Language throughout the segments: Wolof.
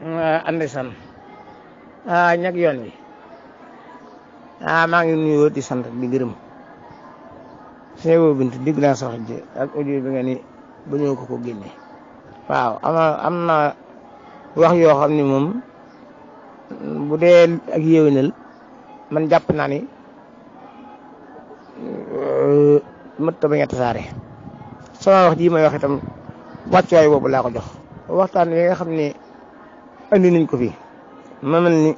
Eh, andesan ah ñak yoon wi ah ma ngi nuyoo di sant di gërëm sëñ bint dig la sax je ak audio bi nga ni bu ñu ko ko génne waaw ama amna wax yo xamni ni bu dé ak yéwénal man japp eh, na ni mët ta bañ a tasaare sama wax di may wax itam wàccuwaay bobu la ko jox waxtaan yi nga xamni ni andi nañ ko fi ma mel ni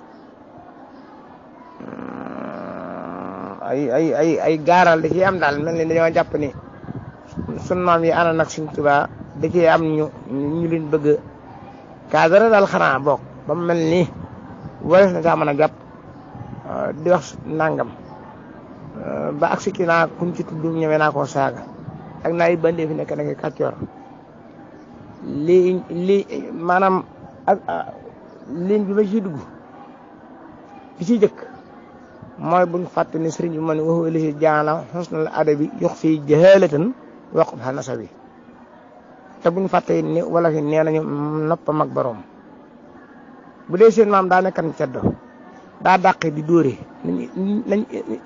mm, ay ay ay gaaral da ciy am daal mel ni dañoo jàpp ni sun maam yi ana nag suñ Tuubaa da ciy am ñu ñu leen bëgg cadre daal xanaa bokk ba mel ni warees na caa a jàpp ah, di wax nangam ah, ba ak sikki naa kuñ ñeme naa koo saaga ak naa yi bandee fi nekk da ngay lii lii ligne bi ma ci dugg bi ci jëkk mooy buñ fàtte ni sëriñ bi ma ne waxu lisi jaana xusnal adabi yox fii jahalatan waqub xa nasabi te buñ fàtte ni wala fi nee nañu nopp mag borom bu dee seen maam daa nekkan ceddo daa dàqe di dóore nañ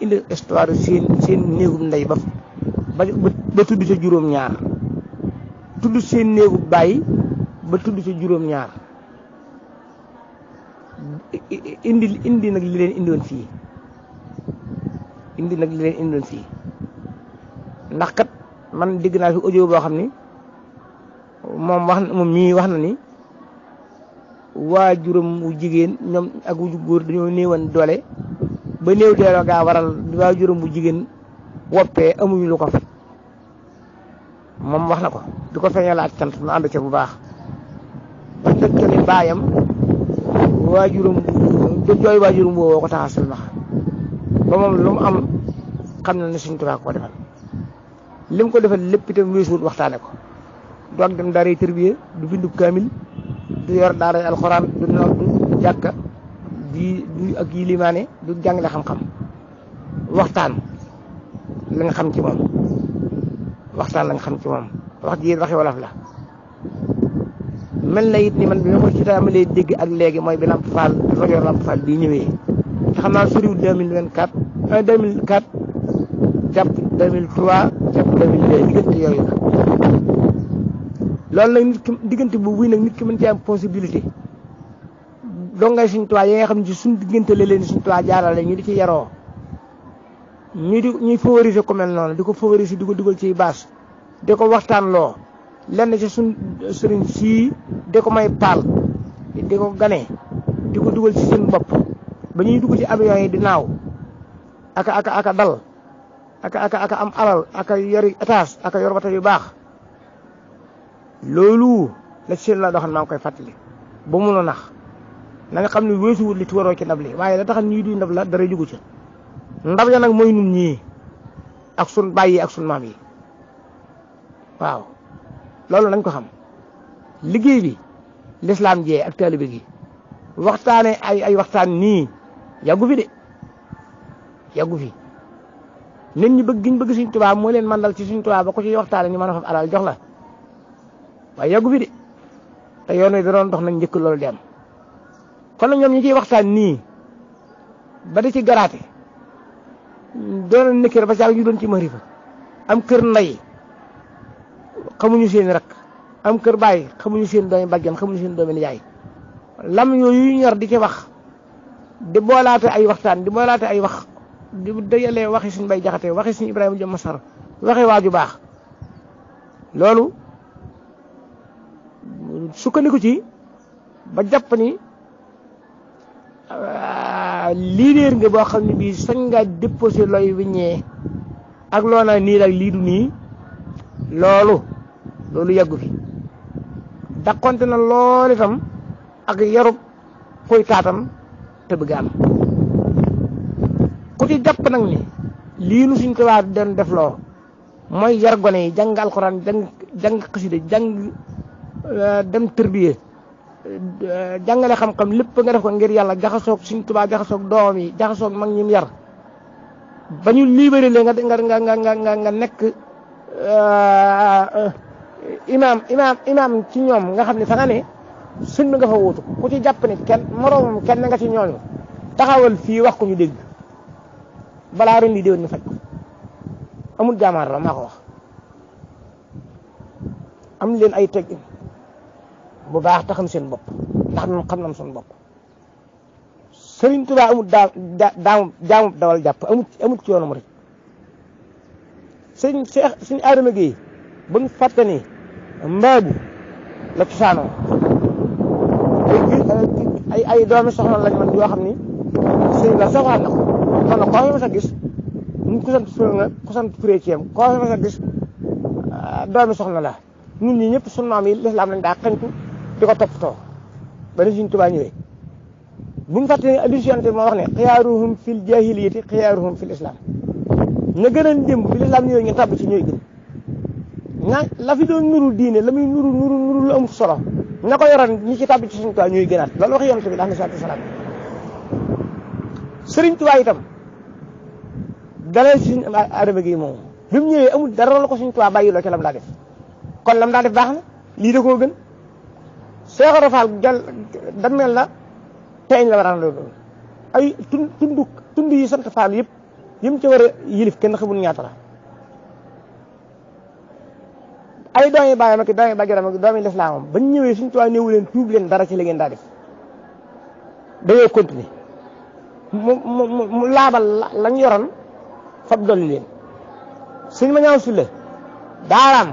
indi histoire seen seen néegub ndey ba ba ba tudd ca juróom-ñaar tudd seen néegub bàyyi ba tudd ca juróom-ñaar indi indi nak li indi won fi indi nak li indi won fi ndax kat man deg na fi audio bo xamni mom wax mom mi wax na ni waajuram wu jigen ñom ak wu goor dañu néewan dole ba neew deeloo ga waral waajuram wu jigen wopé amuñu lu ko fa mom wax na ko diko feñalat feeñalaat na and ci bu baax ba tekkeli bayam waajurum du jooy waajurum booboo ko tax a silmaxa ba moom lu mu am xam na ne suñ tubaab ko defal li ko defal lépp itam weesuwut waxtaane ko du ak dem daaray tërbiye du bindub kaamil du yor daaray alxuraan du nodd du jàkka di du ak yi limaane du jàngale xam-xam waxtaan la nga xam ci moom waxtaan la nga xam ci moom wax ji waxi wolof la mel na it ni man bi ma ko ci tàmbalee dégg ak léegi mooy bi Lamp Fall rajo Lamp Fall bi ñëwee te xam naa soriwul 2024 un 2004 jàpp 2003 jàpp 2002 diggante yooyu la. loolu nag nit ki diggante bu wuy nag nit ki mën ci am possibilité dong ngay suñu tuwaay yi nga xam ne ci suñu diggante la leen suñu tuwaay jaarale ñu di ci yaroo ñu di ñuy favoriser ku mel noonu di ko favoriser di ko dugal ci bâche di ko waxtaanloo. lenn ci suñ sëriñ si deko ko may paal di ko ganee di ko dugal ci seen bopp ba ñuy dugg ci avion yi di naaw aka aka aka dal aka aka am alal aka yori étage aka yor wata yu baax loolu la seen la doxan maa koy fàttali ba mun a nax na nga xam ne weesuwul li ci waroo ci ndab li waaye la taxan ñuy duy ndab la dara jugu ci ndab ya nag mooy nun ñii ak sun bàyyi ak sun maam yi waaw loolu nañ ko xam liggéey bi lislaam jee ak taalibe gi waxtaane ay ay waxtaan nii yàggu fi de yàggu fi nit ñi bëgg giñ bëgg suñ Tuubaa moo leen mandal ci suñ Tuubaa ba ko ci waxtaane ñu mën a faf alal jox la waaye yàggu fi de te yoon wi da doon dox nañ njëkk loolu dem kon nag ñoom ñi ciy waxtaan nii ba di ci garaate doon nekkee ba saa ñu doon ci marifa am kër nday xamuñu seen rak am kër bàyyi xamuñu seen doomi bàjjan xamuñu seen doomi nijaay lam yooyu ñor di ci wax di boolaate ay waxtaan di boolaate ay wax di dajalee waxi suñ bay jaxate waxi suñ Ibrahima Jom Masar waxi waaju baax loolu sukkandiku ci ba jàpp ni euh, leader boo xam ne bii sañ nga déposé looy wiññee ak loo naa nii nii loolu loolu yàggu fi dàqonte na lool itam ak yarub kuy taatam te bëgg am ku ci jàpp nag ni lii nu suñ tubaab di doon def loo mooy yar gone yi jàng alxuraan jàng jàng xasida jàng euh, dem tërbiye euh, jàngale xam-xam lépp nga def ko ngir yàlla jaxasoog suñ tubaab jaxasoog doom yi jaxasoog mag ñim yar ba ñu libéré le nga nga nga nga nga nekk euh, imaam imaam imaam ci ñoom nga xam ne fa nga ne sunna nga fa wuutu ku ci jàpp ne kenn moroomam kenn nga ci ñooñu taxawal fii wax ko ñu dégg balaa ren lii déwén ñu faj ko amul jaamaar la wax am leen ay teg baax te xam seen bopp ndax ñun xam nañ seen bopp Sëriñ Tuubaa amul daa daamu dawal jàpp amut ci yoonu murid sëñ Cheikh sëñ Adama buñ fàtte ni mbaagu la cosaanoo ay doomi soxna la man yoo xam ni sëñ la soxlaat na ko kon nag koo fi sa gis ñun ku sant fure nga ku sant fure koo fi sa gis ah, doomi soxna la ñun ni ñëpp sunu maam yi lislaam lañ daa xentu di ko toppatoo ba ni suñ tubaa ñëwee bu mu fàtte ni moo wax ne xiyaaruhum fil jaahiliyati xiyaaruhum fil islam ña gën a démb bi lislaam ñëwee ñu tabb ci ñooy gën nga la fi doon nuru diine la muy nuru nuru nuru lu solo na ko yoroon ñi ci tàbbi ci Sëriñ Tuubaa ñuy gënaat loolu waxi yonent bi daal na salaatu salaam adama gi moom bi mu ñëwee amul dara la ko Sëriñ Tuubaa bàyyiloo ca lam kon lam daa def baax na lii da koo gën Cheikh Rafal jal dammel la teeñ la waraan loolu ay tund tund yi sant Faal yëpp yëm ca war a yilif kenn xamul ñaata la ay doomi bàyyam ak doomi bàjjaram ak doomi lislaamam bañ ñëwee suñu tubaab néewu leen tuub leen dara ci la ngeen daa def dañoo continuer mu mu mu laabal lañ yoroon fab dolli leen suñ ma ñaaw sulle daaraam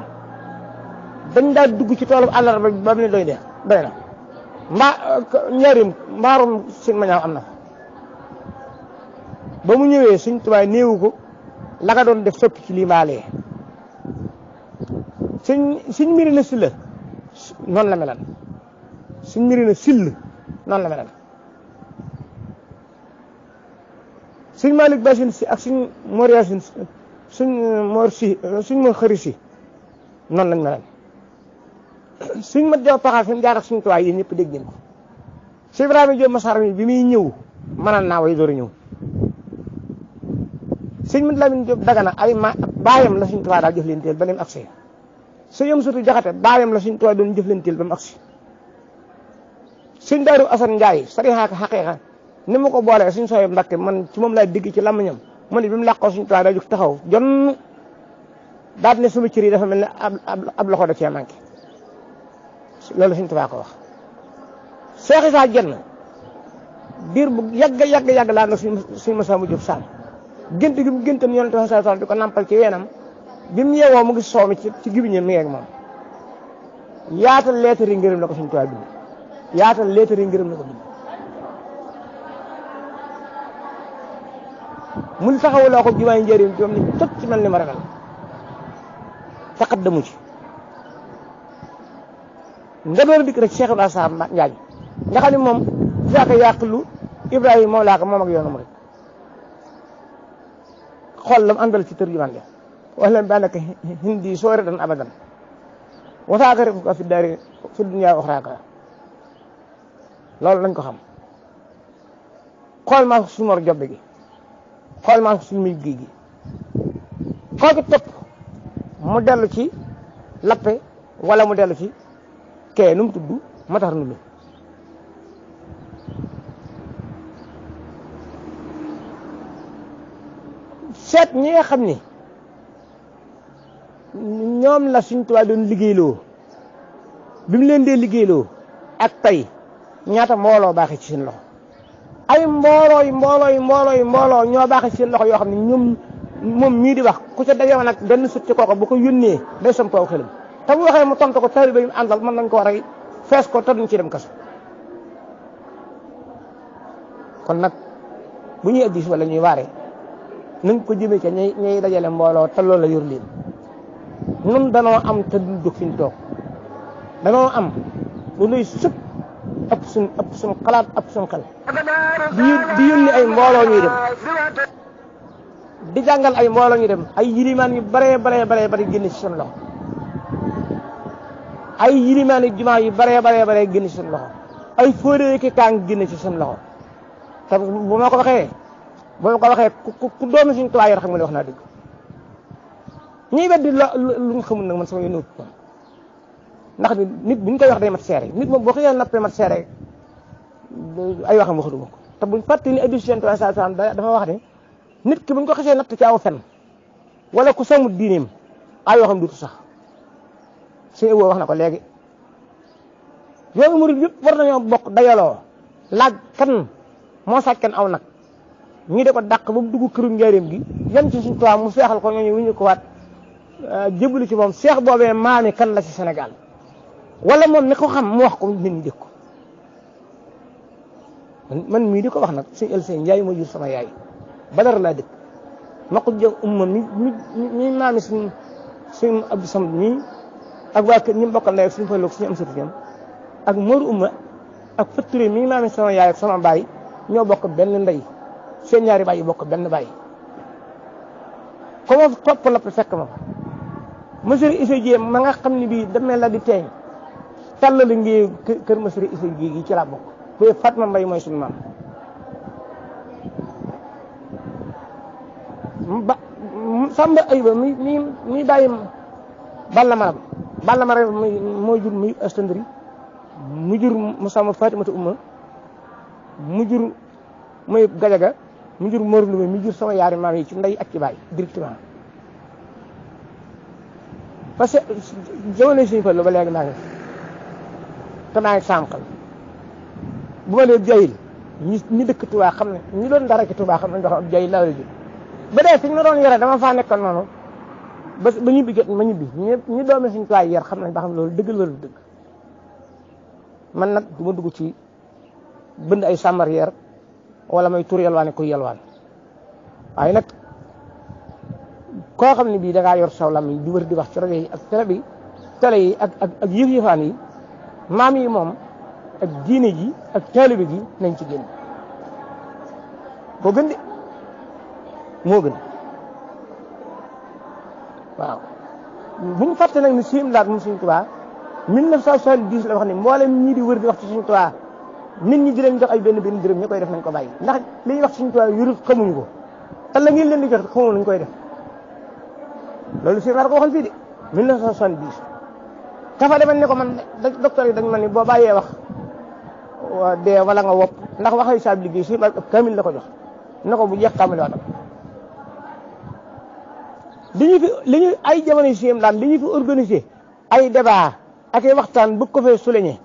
dañ daa dugg ci toolu àllarba ba mu ne doy de doy na mbaa ñarim mbaarum ma ñaaw am ba mu ñëwee suñ tubaab néewu ko la ka doon def soppi ci lii mbaalee sëñ sëñ mbiri na silla noonu la melan sëñ mbiri na sill noonu la malik basin si ak sëñ mor sin sëñ eh, mor eh, si sëñ mor xëri si noonu lañ melan sëñ mat jaw paxaa fi mu jaar ak suñ tuwaay yi ñëpp dégg ngeen ko sëñ ibrahima jóob masaar mi bi muy ñëw mënaan naa way mat lamin jóob dagana ay ma bayam la suñ tuwaay daal jëf leen teel ak sëñ sutu jaxate bayam la suñ tooy doon jëflantil bam aksi agsi daru asan ndjay sari hak haqiqa ni ko bolé suñ soye mbakke man ci mom lay digg ci lam ñam man bi mu làqoo suñ tooy daa jóg taxaw jon daat ne suma ciri dafa melni ne ab loxo da ci manki lolu suñ tubaa ko wax cheikh isa genn bir bu yag yag yag la na suñ suñ masaa mu jóg saam gént gi mu géntan yonente sallallahu alayhi wasallam nampal ci weenam bi mu yeewoo mu ngi soow ci ci gibiñam mi ngi ak moom yaata leetar yi ngërëm la ko suñu tubaab yaata leetar yi ngërëm la ko bind mun taxawuloo ko jumaay njëriñ bi moom ne ci mel ni ma ragal taqaddamu ci nga door dikk rek Cheikh Ibrahima Sarr Njaañ nga xam ne moom saaka yàqlu Ibrahima moom laa ko moom ak yoonu mu rek xool lam àndal ci tër jumaan واهلا بانك هندي سوردا ابدا وتعترفك في الدار في الدنيا اخراك loolu lañ ko xam xool maa suñu mor jobbe gi xool maa suñu muy géej gi koo topp mu dellu ci lappe walla mu dellu si kee nu mu tudd matar nu lu seet ñi nga xam ni ñoom la suñ tuba doon liggéeyloo bi mu leen dee liggéeyloo ak tey ñaata mbooloo baaxee ci seen loxo ay mbooloo yi mbooloo yi mbooloo yi mbooloo ñoo baaxee ci seen loxo yoo xam ne ñoom moom mii di wax ku ca dajewoon ak benn sut ci kooko bu ko yónnee day sam kaw xelam te bu waxee mu tontu ko tari yi mu àndal mën nañ ko rey fees ko te duñ ci dem kaso kon nag bu ñuy addis wala ñuy waare nañ ko jëmee ca ñay ñay dajale mbooloo te loolu la yor leen nun danoo am te dul jóg danoo am lu nuy sut ëpp suñ ëpp suñ xalaat ëpp di di yónni ay mbooloo ñuy dem di jàngal ay mbooloo ñu dem ay yilimaan yu baree baree baree bari génn ci suñ loxo ay yilimaan yu jumaa yu baree baree baree génn ci suñ loxo ay fóodee ki kaang génn ci suñ loxo te bu ma ko waxee bu ma ko waxee ku ku doomi suñ tuwaay yor xam nga ne wax naa dëgg ñi weddi lu nga xamul nag man sama yoon ëpp ko ndax nit buñ koy wax day mat seere nit moom boo ko yàlla nappee mat seere ay waxam waxatu ko te buñ fàtte ni addu seen tuwaay saa dafa wax ne nit ki buñ ko xasee natt ci aw fen wala ku sàmm diineem ay waxam duutu sax suñu ëwoo wax na ko léegi yoonu murid yëpp war nañoo bokk dayaloo laaj kan moo sàcc kan aw nag ñu de ko dàq ba mu dugg këru njaareem gi yem ci suñ tuwaam mu feexal ko ñooñu wuñu ko waat Euh, jébbalu ci moom seex boobee maami kan la ci senegal wala moom mi ko xam mu wax ko nit ñi man mii di ko wax nag sëñ Elisa Ndiaye moo yaay Badar laa dëkk naqu jëg umma mi mi mi maami suñ suñ Abdou Samb ak waa umma ak Faturé mi maami sama yaay ak sama baay ñoo bokk benn ndey seen ñaari baay yi bokk benn baay ko ma topp la fekk ma monsieur Issa Dieng ma nga xam ne bii damel la di teeñ tàllali ngi kër monsieur Issa Dieng gi ci laa bokk kuy Fatma Mbaye mooy suñu maam ba Samba Ayba mi mi mi bàyyi Balla Maram Balla Maram mooy jur muy astandri mu jur mu sama Fatimatu Umma mu jur muy Gajaga mu jur Mor Loumé mi jur sama yaari maam yi ci ndey ak ci baay parce que jamono suñ fa lu ba léegi naa ngi te naa bu ma dee joyil ñi ñi dëkk tubaa xam ne ñi doon dara ci tubaa xam ne dox joyil laa la jóg ba dee suñ ma doon yore dama faa nekkoon noonu ba ba ñibbi jot ma ñibbi ñi doomi suñ tuwaay yar xam nañ ba xam loolu dëgg la dëgg man nag du ma dugg ci bënd ay sàmmar yeer wala may tur yalwaane ko yalwaan waaye nag ko xam ne bii da ngaa yor saw làmmiñ di wër di wax ci rajo ak télé bi télé yi ak ak ak yëf yi maam yi moom ak diine ji ak taalibe gi nañ ci génn moo gën de moo gën waaw bu ñu fàtte nag ni suñu laat moom suñu Tuubaa 1970 la wax ni mboolem ñii di wër di wax ci suñu Tuubaa nit ñi di leen jox ay benn benn dërëm ñu koy def nañ ko bàyyi ndax li ñuy wax suñu Tuubaa yurut xamuñu ko te la ngeen leen di jox xamuñu nañ koy def loolu si nar ko waxoon fii de 1970 dafa demoon ne ko man docteur yi dañ ma ni boo bàyyee wax dee wala nga wopp ndax waxay saab liggéey si kamil la ko jox na ko bu jeex kamil waatam li ñu fi li ay jamono yi si daam li ñu fi ay débat ak waxtaan bu ko fee souligné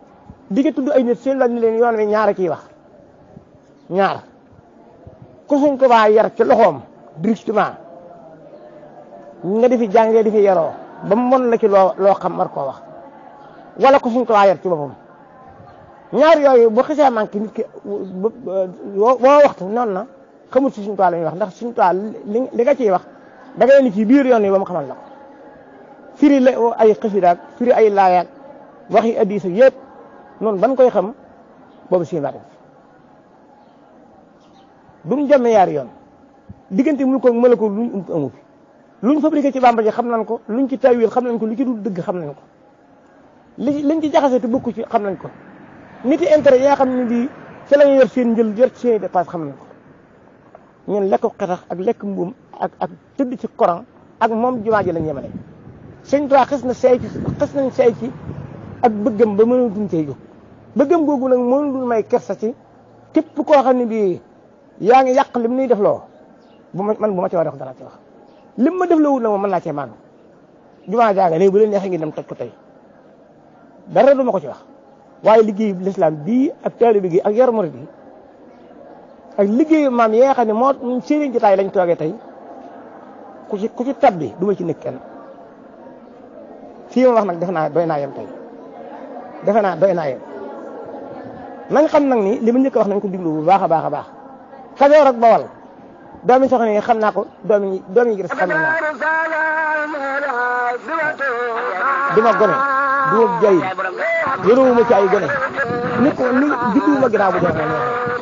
di nga tudd ay nit seen laaj leen yoon wi ñaar a wax ñaar ku suñ ko baa yar ci loxoom directement nga di fi jàngee di fi yaroo ba mon la ci loo loo xam mar koo wax wala ko fuñ ko ayar ci boppam ñaar yooyu bu xisee manqué nit ki bo waxtu noonu na xamul si suñ toile la ñuy wax ndax suñ toile li li nga ciy wax da ngay ni ci biir yoon yi ba mu xamal la ko firi la ay xasidaak firi ay laayaak waxi addis ak yëpp noonu ban koy xam boobu si bari dum jëmee yaar yoon diggante mu ko mala ko luñ ump luñ fabriqué ci bàmba ji xam nañ ko luñ ci tawil xam nañ ko lu ci dul dëgg xam nañ ko li liñ ci jaxase te ci xam nañ ko nit yi intérêt yi nga xam ne bii ci la ñu yor seen njël yor seen i dépense xam nañ ko ñun lekk xetax ak lekk mbuum ak ak tëdd ci coran ak moom jumaa ji lañ yemale sëñ Tuubaa xis na say ci nañ say ci ak bëggam ba mën a duñ cey jóg bëggam googu nag mënu dul may kersa ci képp koo xam ne bii yaa ngi yàq lim nuy def loo bu ma man bu ma ci war a wax dara wax lim ma def la wut ma moom mën naa cee màgg jumaa jaa nga léegi bu leen neexee ngeen dem toj ko tey dara du ma ko ci wax waaye liggéey lislaam bii ak taalibe gi ak yar murid bi ak liggéeyu maam yi nga xam ne moo seeni jotaay lañ toogee tey ku ci ku ci tab bi du ma ci nekk kenn wax nag defe naa doy naa yem tey defe naa doy naa yem nañ xam nag ni li ma njëkk wax nañ ko diglu bu baax a baax a baax Kajoor ak Bawal doomi soxna yi xam naa ko doomi yi doomi yi xam naa du ma gone du ma jaay yoruwuma ci ay gone ni ko ni judduwuma ginnaaw bu doon